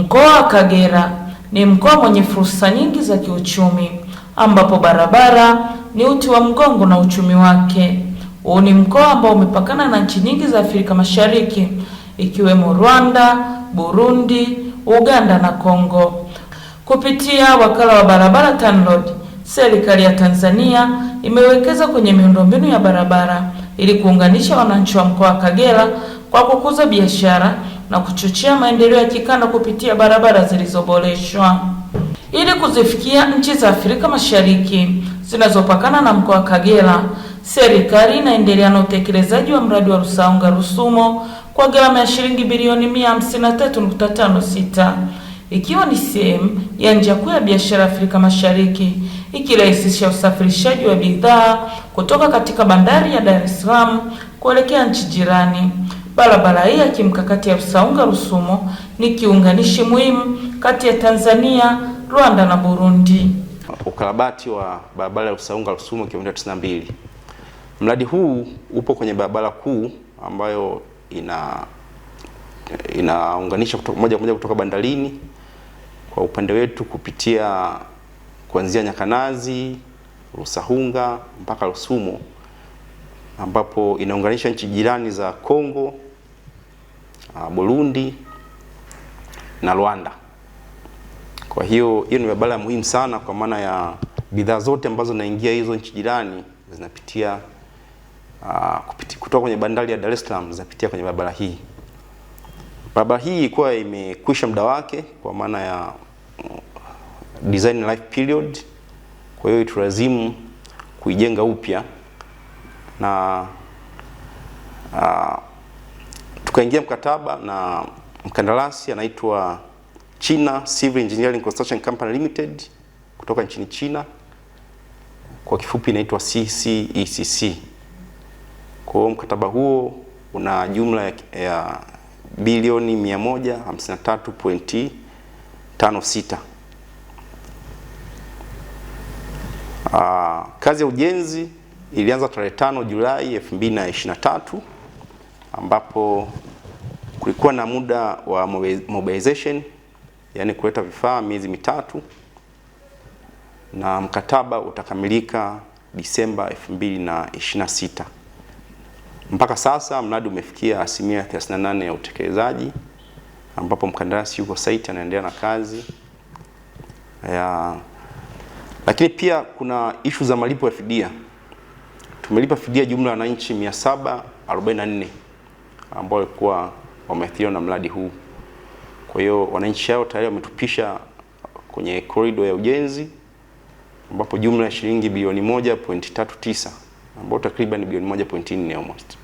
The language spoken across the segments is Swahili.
Mkoa wa Kagera ni mkoa mwenye fursa nyingi za kiuchumi ambapo barabara ni uti wa mgongo na uchumi wake. Huu ni mkoa ambao umepakana na nchi nyingi za Afrika Mashariki ikiwemo Rwanda, Burundi, Uganda na Kongo. Kupitia wakala wa barabara TANROADS, serikali ya Tanzania imewekeza kwenye miundombinu ya barabara ili kuunganisha wananchi wa mkoa wa Kagera kwa kukuza biashara na kuchochea maendeleo ya kikanda kupitia barabara zilizoboreshwa ili kuzifikia nchi za Afrika Mashariki zinazopakana na mkoa wa Kagera. Serikali inaendelea na utekelezaji wa mradi wa Rusaunga Rusumo kwa gharama ya shilingi bilioni 153.56 ikiwa ni sehemu ya njia kuu ya biashara Afrika Mashariki ikirahisisha usafirishaji wa bidhaa kutoka katika bandari ya Dar es Salaam kuelekea nchi jirani. Barabara hii ya kimkakati ya Rusaunga Rusumo ni kiunganishi muhimu kati ya Tanzania, Rwanda na Burundi. Ukarabati wa barabara ya Rusaunga Rusumo kilomita 92. Mradi huu upo kwenye barabara kuu ambayo ina inaunganisha moja kwa moja kutoka bandarini kwa upande wetu kupitia kuanzia Nyakanazi, Rusaunga mpaka Rusumo ambapo inaunganisha nchi jirani za Kongo Ah, Burundi na Rwanda. Kwa hiyo hiyo ni barabara muhimu sana kwa maana ya bidhaa zote ambazo naingia hizo nchi jirani zinapitia ah, kupiti, kutoka kwenye bandari ya Dar es Salaam zinapitia kwenye barabara hii. Barabara hii ilikuwa imekwisha muda wake kwa maana ya mm, design life period. Kwa hiyo itulazimu kuijenga upya na ah, tukaingia mkataba na mkandarasi anaitwa China Civil Engineering Construction Company Limited kutoka nchini China, kwa kifupi inaitwa CCECC. E kwa hiyo mkataba huo una jumla ya, ya bilioni 153.56. Uh, ah, kazi ya ujenzi ilianza tarehe 5 Julai 2023 ambapo Kulikuwa na muda wa mobilization, yani kuleta vifaa miezi mitatu, na mkataba utakamilika Disemba 2026. Mpaka sasa mradi umefikia asilimia 38 ya utekelezaji, ambapo mkandarasi yuko site anaendelea na kazi ya, lakini pia kuna ishu za malipo ya fidia. Tumelipa fidia jumla ya wananchi 744 ambao walikuwa wameathiriwa na mradi huu. Kwa hiyo wananchi hao tayari wametupisha kwenye korido ya ujenzi ambapo jumla ya shilingi bilioni 1.39 ambao takriban bilioni 1.4 almost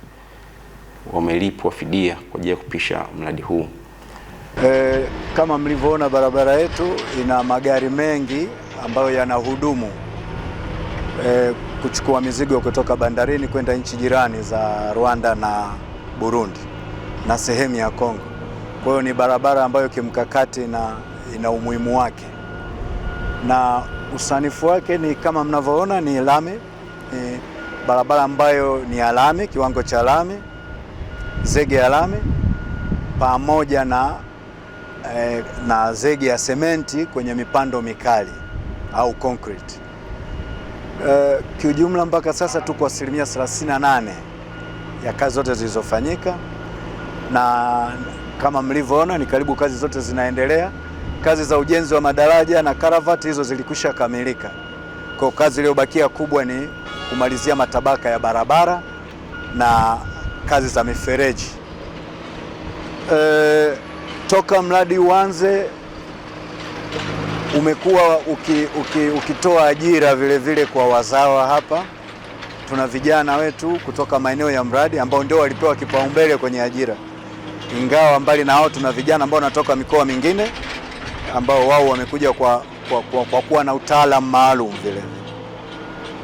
wamelipwa fidia kwa ajili ya kupisha mradi huu. E, kama mlivyoona barabara yetu ina magari mengi ambayo yanahudumu e, eh, kuchukua mizigo kutoka bandarini kwenda nchi jirani za Rwanda na Burundi na sehemu ya Kongo. Kwa hiyo ni barabara ambayo kimkakati na ina umuhimu wake, na usanifu wake ni kama mnavyoona, ni lami, ni barabara ambayo ni alami, kiwango cha lami, zege ya lami pamoja na, eh, na zege ya sementi kwenye mipando mikali au concrete. Eh, kiujumla mpaka sasa tuko asilimia 38 ya kazi zote zilizofanyika na kama mlivyoona ni karibu kazi zote zinaendelea. Kazi za ujenzi wa madaraja na karavati hizo zilikwisha kamilika, kwa kazi iliyobakia kubwa ni kumalizia matabaka ya barabara na kazi za mifereji. E, toka mradi uanze umekuwa uki, uki, ukitoa ajira vile vile kwa wazawa hapa. Tuna vijana wetu kutoka maeneo ya mradi ambao ndio walipewa kipaumbele kwenye ajira ingawa mbali na hao tuna vijana ambao wanatoka mikoa mingine ambao wao wamekuja kwa, kwa, kwa, kwa kuwa na utaalamu maalum vile.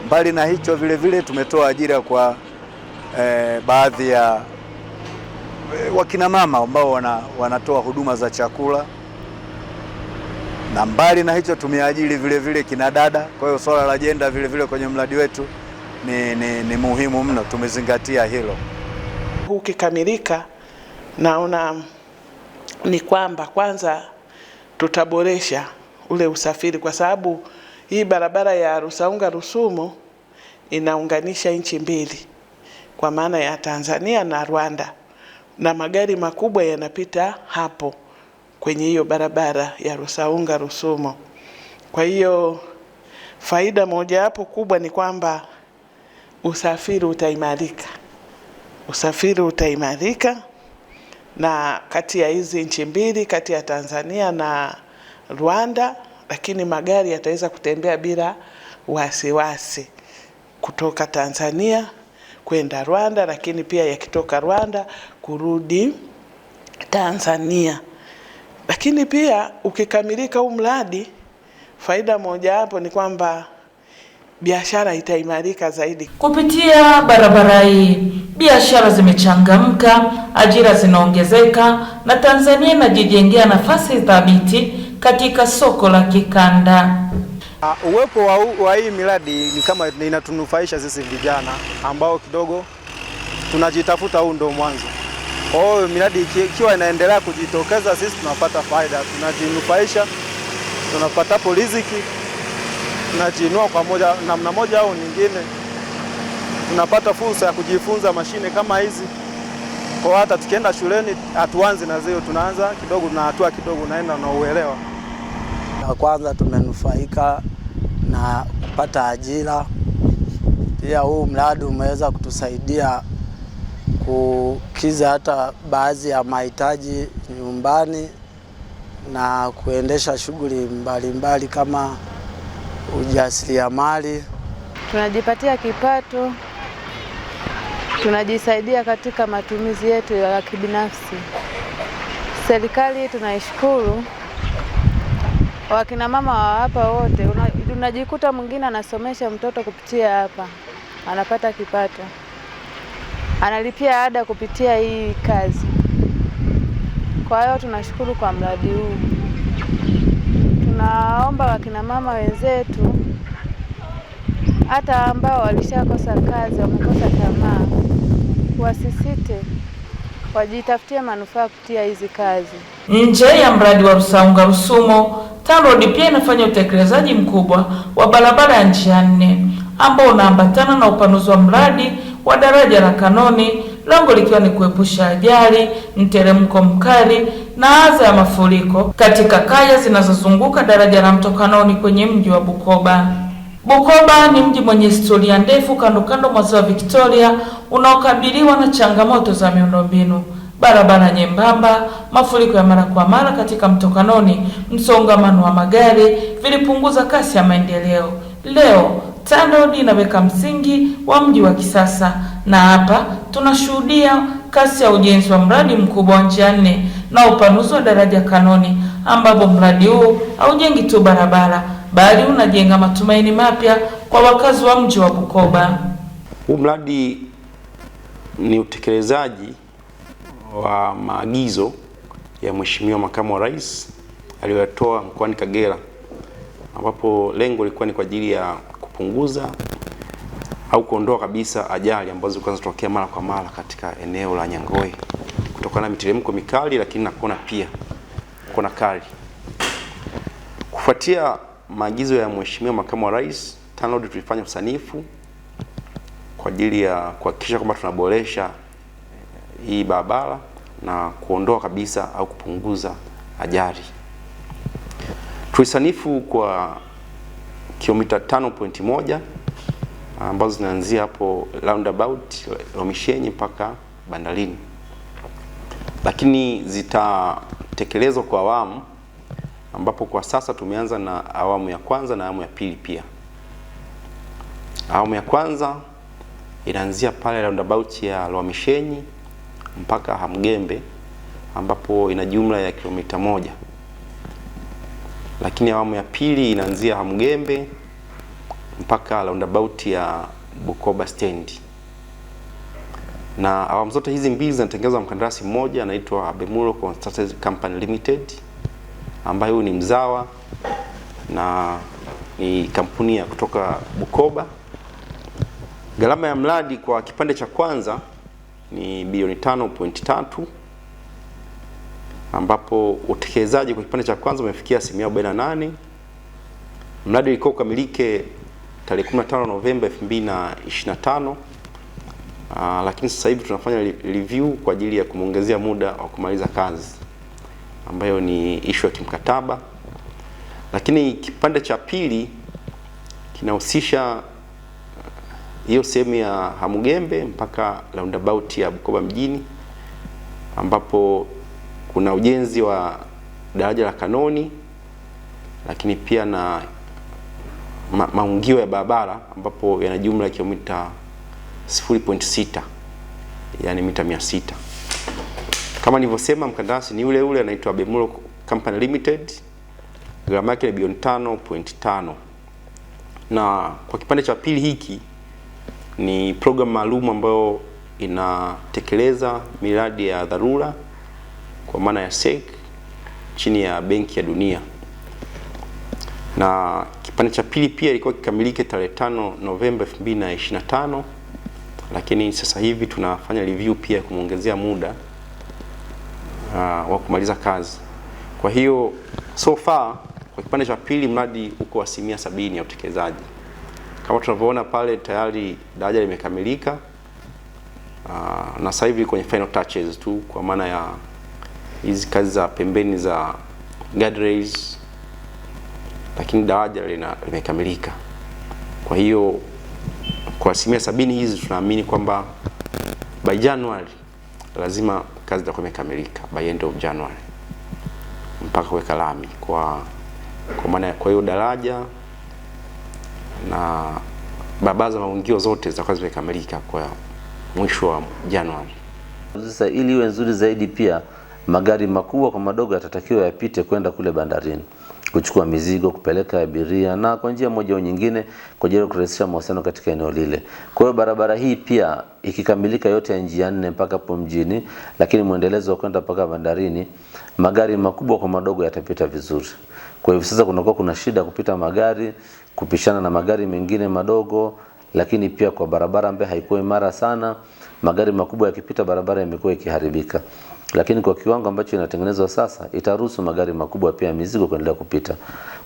Mbali na hicho vile vile tumetoa ajira kwa eh, baadhi ya eh, wakinamama ambao wana, wanatoa huduma za chakula na mbali na hicho tumeajiri vile vile kina dada. Kwa hiyo swala la jenda vile vile kwenye mradi wetu ni, ni, ni muhimu mno, tumezingatia hilo ukikamilika naona ni kwamba kwanza tutaboresha ule usafiri, kwa sababu hii barabara ya Rusaunga Rusumo inaunganisha nchi mbili, kwa maana ya Tanzania na Rwanda, na magari makubwa yanapita hapo kwenye hiyo barabara ya Rusaunga Rusumo. Kwa hiyo faida moja hapo kubwa ni kwamba usafiri utaimarika, usafiri utaimarika na kati ya hizi nchi mbili, kati ya Tanzania na Rwanda, lakini magari yataweza kutembea bila wasiwasi wasi, kutoka Tanzania kwenda Rwanda, lakini pia yakitoka Rwanda kurudi Tanzania. Lakini pia ukikamilika huu mradi, faida moja hapo ni kwamba biashara itaimarika zaidi. Kupitia barabara hii, biashara zimechangamka, ajira zinaongezeka na Tanzania inajijengea nafasi thabiti katika soko la kikanda. Uh, uwepo wa, wa hii miradi ni kama inatunufaisha sisi vijana ambao kidogo tunajitafuta, huu ndio mwanzo. Kwa hiyo miradi ikiwa inaendelea kujitokeza, sisi tunapata faida, tunajinufaisha, tunapatapo riziki tunajiinua kwa moja, namna moja au nyingine, tunapata fursa ya kujifunza mashine kama hizi. Kwa hata tukienda shuleni hatuanzi na zero, tunaanza kidogo na hatua kidogo, unaenda na uelewa. Na kwanza tumenufaika na kupata ajira pia. Huu mradi umeweza kutusaidia kukiza hata baadhi ya mahitaji nyumbani na kuendesha shughuli mbalimbali kama ujasiriamali, tunajipatia kipato, tunajisaidia katika matumizi yetu ya kibinafsi. Serikali tunaishukuru, wakina mama wa hapa wote, unajikuta mwingine anasomesha mtoto kupitia hapa, anapata kipato, analipia ada kupitia hii kazi. Kwa hiyo tunashukuru kwa mradi huu tuna wakina mama wenzetu, hata ambao walishakosa kazi, wamekosa tamaa, wasisite, wajitafutie manufaa kupitia hizi kazi. Nje ya mradi wa Rusaunga Rusumo, TANROADS pia inafanya utekelezaji mkubwa wa barabara ya njia nne ambao unaambatana na upanuzi wa mradi wa daraja la Kanoni, lengo likiwa ni kuepusha ajali, mteremko mkali na adha ya mafuriko katika kaya zinazozunguka daraja la mto Kanoni kwenye mji wa Bukoba. Bukoba ni mji mwenye historia ndefu kando kando mwa ziwa Victoria unaokabiliwa na changamoto za miundombinu, barabara nyembamba, mafuriko ya mara kwa mara katika mto Kanoni, msongamano wa magari vilipunguza kasi ya maendeleo. Leo TANROADS inaweka msingi wa mji wa kisasa, na hapa tunashuhudia kasi ya ujenzi wa mradi mkubwa wa njia nne na upanuzi wa daraja Kanoni, ambapo mradi huu haujengi tu barabara bali unajenga matumaini mapya kwa wakazi wa mji wa Bukoba. Huu mradi ni utekelezaji wa maagizo ya Mheshimiwa Makamu wa Rais aliyoyatoa mkoani Kagera, ambapo lengo lilikuwa ni kwa ajili ya kupunguza au kuondoa kabisa ajali ambazo zilikuwa zinatokea mara kwa mara katika eneo la Nyangoe kutokana na miteremko mikali, lakini na kona pia kona kali. Kufuatia maagizo ya Mheshimiwa Makamu wa Rais, TANROADS tulifanya usanifu kwa ajili ya kuhakikisha kwamba tunaboresha hii barabara na kuondoa kabisa au kupunguza ajali. Tulisanifu kwa kilomita 5.1 ambazo zinaanzia hapo roundabout Lomishenye mpaka bandarini lakini zitatekelezwa kwa awamu, ambapo kwa sasa tumeanza na awamu ya kwanza na awamu ya pili pia. Awamu ya kwanza inaanzia pale roundabout ya Lwamishenyi mpaka Hamgembe ambapo ina jumla ya kilomita moja, lakini awamu ya pili inaanzia Hamgembe mpaka roundabout ya Bukoba stendi na awamu zote hizi mbili zinatengenezwa mkandarasi mmoja anaitwa Bemuro Constructors Company Limited, ambayo huyu ni mzawa na ni kampuni ya kutoka Bukoba. Gharama ya mradi kwa kipande cha kwanza ni bilioni 5.3 ambapo utekelezaji kwa kipande cha kwanza umefikia asilimia 48. Mradi ulikuwa ukamilike tarehe 15 Novemba 2025. Uh, lakini sasa hivi tunafanya review kwa ajili ya kumwongezea muda wa kumaliza kazi ambayo ni ishu ya kimkataba. Lakini kipande cha pili kinahusisha eh, hiyo sehemu ya Hamugembe mpaka roundabout ya Bukoba mjini ambapo kuna ujenzi wa daraja la Kanoni, lakini pia na ma maungio ya barabara ambapo yana jumla ya kilomita 0.6 yani mita 600. Kama nilivyosema, mkandarasi ni ule ule anaitwa Bemulo Company Limited, gharama yake ni bilioni 5.5. Na kwa kipande cha pili hiki ni programu maalum ambayo inatekeleza miradi ya dharura kwa maana ya SEC chini ya Benki ya Dunia na kipande cha pili pia ilikuwa kikamilike tarehe 5 Novemba 2025 lakini sasa hivi tunafanya review pia kumwongezea muda uh, wa kumaliza kazi. Kwa hiyo so far kwa kipande cha pili mradi uko asilimia sabini ya utekelezaji. Kama tunavyoona pale tayari daraja limekamilika, uh, na sasa hivi kwenye final touches tu, kwa maana ya hizi kazi za pembeni za guardrails, lakini daraja limekamilika. Kwa hiyo kwa asilimia sabini hizi tunaamini kwamba by January lazima kazi itakuwa imekamilika by end of January mpaka kuweka lami kwa kwa maana kwa hiyo daraja na barabara za maungio zote zitakuwa zimekamilika kwa mwisho wa Januari. Sasa ili iwe nzuri zaidi, pia magari makubwa kwa madogo yatatakiwa yapite kwenda kule bandarini kuchukua mizigo, kupeleka abiria na kwa njia moja au nyingine kwa ajili ya kurahisisha mawasiliano katika eneo lile. Kwa hiyo barabara hii pia ikikamilika yote ya njia nne mpaka hapo mjini, lakini mwendelezo wa kwenda mpaka bandarini, magari makubwa kwa madogo yatapita vizuri. Kwa hivyo sasa kunakuwa kuna shida kupita magari, kupishana na magari mengine madogo, lakini pia kwa barabara ambayo haikuwa imara sana, magari makubwa yakipita, barabara imekuwa ikiharibika lakini kwa kiwango ambacho inatengenezwa sasa itaruhusu magari makubwa pia mizigo kuendelea kupita,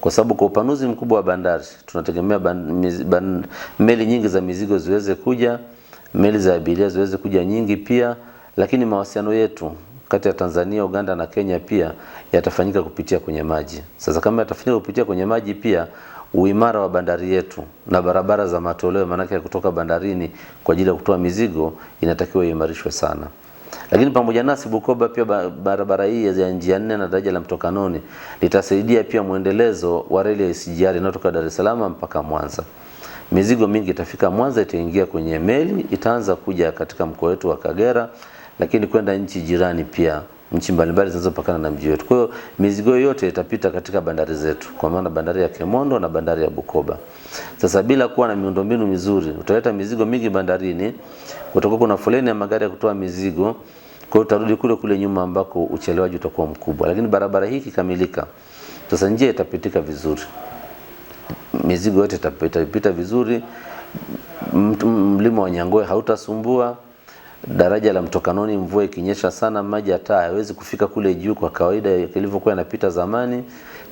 kwa sababu kwa upanuzi mkubwa wa bandari tunategemea band, ban, meli nyingi za mizigo ziweze kuja, meli za abiria ziweze kuja nyingi pia, lakini mawasiliano yetu kati ya Tanzania, Uganda na Kenya pia yatafanyika kupitia kwenye maji. Sasa kama yatafanyika kupitia kwenye maji, pia uimara wa bandari yetu na barabara za matoleo, maanake kutoka bandarini kwa ajili ya kutoa mizigo inatakiwa iimarishwe sana. Lakini pamoja nasi Bukoba pia barabara hii ya njia nne na daraja la Mtokanoni litasaidia pia mwendelezo wa reli ya SGR inayotoka Dar es Salaam mpaka Mwanza. Mizigo mingi itafika Mwanza, itaingia kwenye meli, itaanza kuja katika mkoa wetu wa Kagera, lakini kwenda nchi jirani pia nchi mbalimbali zinazopakana na mji wetu. Kwa hiyo mizigo yote itapita katika bandari zetu, kwa maana bandari ya Kemondo na bandari ya Bukoba. Sasa bila kuwa na miundombinu mizuri, utaleta mizigo mingi bandarini, kutakuwa kuna foleni ya magari ya kutoa mizigo, kwa hiyo utarudi kule kule nyuma ambako uchelewaji utakuwa mkubwa. Lakini barabara hii ikikamilika, sasa njia itapitika vizuri, mizigo yote itapita vizuri, mlima wa Nyangoe hautasumbua daraja la Mtokanoni, mvua ikinyesha sana, maji hata hayawezi kufika kule juu kwa kawaida ilivyokuwa inapita zamani.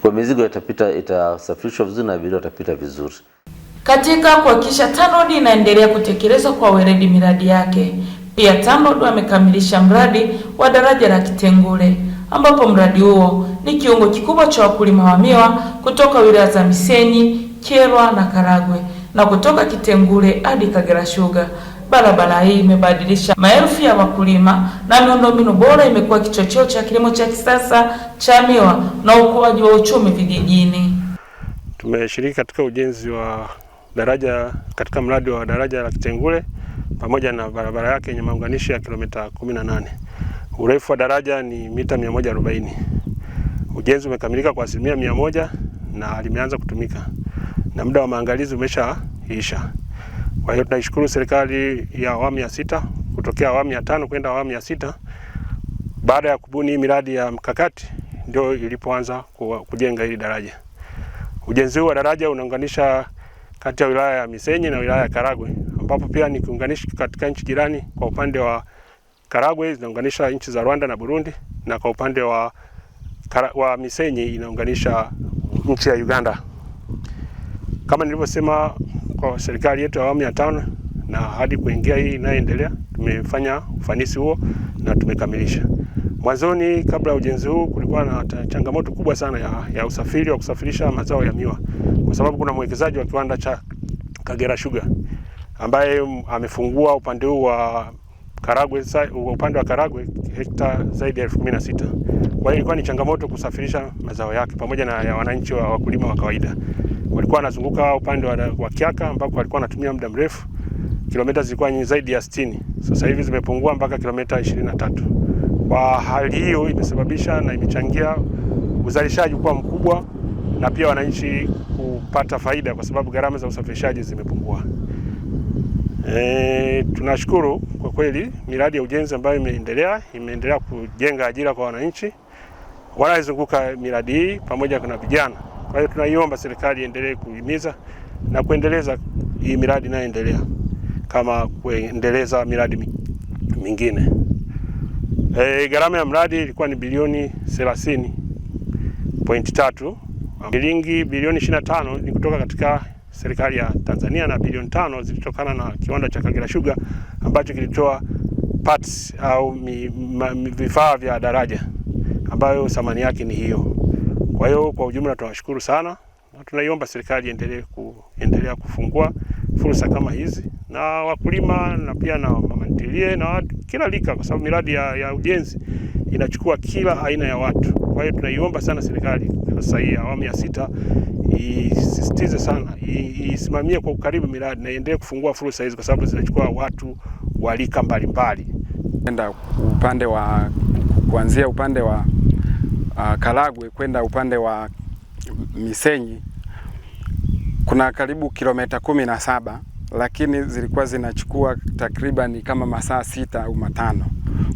Kwa mizigo itapita, itasafirishwa vizuri na abiria watapita vizuri. Katika kuhakikisha TANROADS inaendelea kutekelezwa kwa weledi miradi yake, pia TANROADS amekamilisha mradi wa daraja la Kitengule ambapo mradi huo ni kiungo kikubwa cha wakulima wa miwa kutoka wilaya za Misenyi, Kyerwa na Karagwe na kutoka Kitengule hadi Kagera Sugar. Barabara hii imebadilisha maelfu ya wakulima na miundombinu bora imekuwa kichocheo cha kilimo cha kisasa cha miwa na ukuaji wa uchumi vijijini. Tumeshiriki katika ujenzi wa daraja katika mradi wa daraja la Kitengule pamoja na barabara yake yenye maunganisho ya kilomita 18. Urefu wa daraja ni mita 140. Ujenzi umekamilika kwa asilimia mia moja na limeanza kutumika na muda wa maangalizi umeshaisha. Kwa hiyo tunaishukuru serikali ya awamu ya sita kutokea awamu ya tano kwenda awamu ya sita baada ya kubuni miradi ya mkakati ndio ilipoanza kujenga hili daraja. Ujenzi huu wa daraja unaunganisha kati ya wilaya ya Misenyi na wilaya ya Karagwe ambapo pia ni kiunganishi katika nchi jirani. Kwa upande wa Karagwe zinaunganisha nchi za Rwanda na Burundi, na kwa upande wa, wa Misenyi inaunganisha nchi ya Uganda. Kama nilivyosema kwa serikali yetu awamu ya tano na hadi kuingia hii inayoendelea tumefanya ufanisi huo na tumekamilisha. Mwanzoni kabla ya ujenzi huu kulikuwa na changamoto kubwa sana ya, ya usafiri wa kusafirisha mazao ya miwa, kwa sababu kuna mwekezaji wa kiwanda cha Kagera Sugar ambaye amefungua upande huu wa Karagwe, upande wa Karagwe hekta zaidi ya elfu kumi na sita. Kwa hiyo ilikuwa ni changamoto kusafirisha mazao yake pamoja na ya wananchi wa wakulima wa kawaida walikuwa wanazunguka upande wa, wa Kiaka ambako walikuwa wanatumia muda mrefu, kilomita zilikuwa zaidi ya 60. Sasa hivi zimepungua mpaka kilomita 23. Kwa hali hiyo imesababisha na imechangia uzalishaji kuwa mkubwa na pia wananchi kupata faida kwa sababu gharama za usafirishaji zimepungua. E, tunashukuru kwa kweli, miradi ya ujenzi ambayo imeendelea imeendelea kujenga ajira kwa wananchi wanaozunguka miradi hii pamoja na vijana. Kwa hiyo tunaiomba serikali iendelee kuhimiza na kuendeleza hii miradi inayoendelea kama kuendeleza miradi mingine. E, gharama ya mradi ilikuwa ni bilioni 30.3, shilingi bilioni 25 ni kutoka katika serikali ya Tanzania na bilioni tano zilitokana na kiwanda cha Kagera Sugar ambacho kilitoa parts au vifaa vya daraja ambayo thamani yake ni hiyo. Kwa hiyo kwa ujumla tunawashukuru sana na tunaiomba serikali iendelee kuendelea kufungua fursa kama hizi na wakulima na pia na mama ntilie na kila lika, kwa sababu miradi ya, ya ujenzi inachukua kila aina ya watu. Kwa hiyo tunaiomba sana serikali sasa hii awamu ya sita isisitize sana, isimamie kwa ukaribu miradi na iendelee kufungua fursa hizi, kwa sababu zinachukua watu wa lika mbalimbali. Enda upande wa kuanzia upande wa uh, Karagwe kwenda upande wa Misenyi kuna karibu kilomita kumi na saba lakini zilikuwa zinachukua takriban kama masaa sita au matano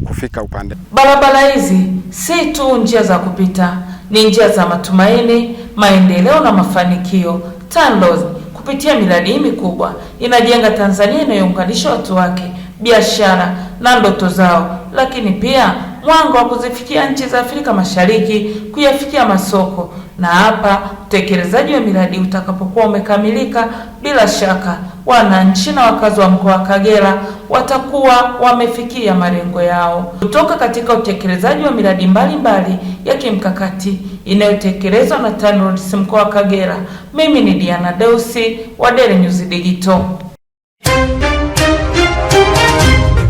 kufika upande. Barabara hizi si tu njia za kupita, ni njia za matumaini, maendeleo na mafanikio. TANROADS kupitia miradi hii mikubwa inajenga Tanzania inayounganisha watu wake, biashara na ndoto zao, lakini pia mwanga wa kuzifikia nchi za Afrika Mashariki kuyafikia masoko, na hapa utekelezaji wa miradi utakapokuwa umekamilika, bila shaka wananchi na wakazi wa mkoa wa Kagera watakuwa wamefikia malengo yao kutoka katika utekelezaji wa miradi mbalimbali mbali ya kimkakati inayotekelezwa na TANROADS mkoa wa Kagera. Mimi ni Diana Deusi wa Daily News Digital.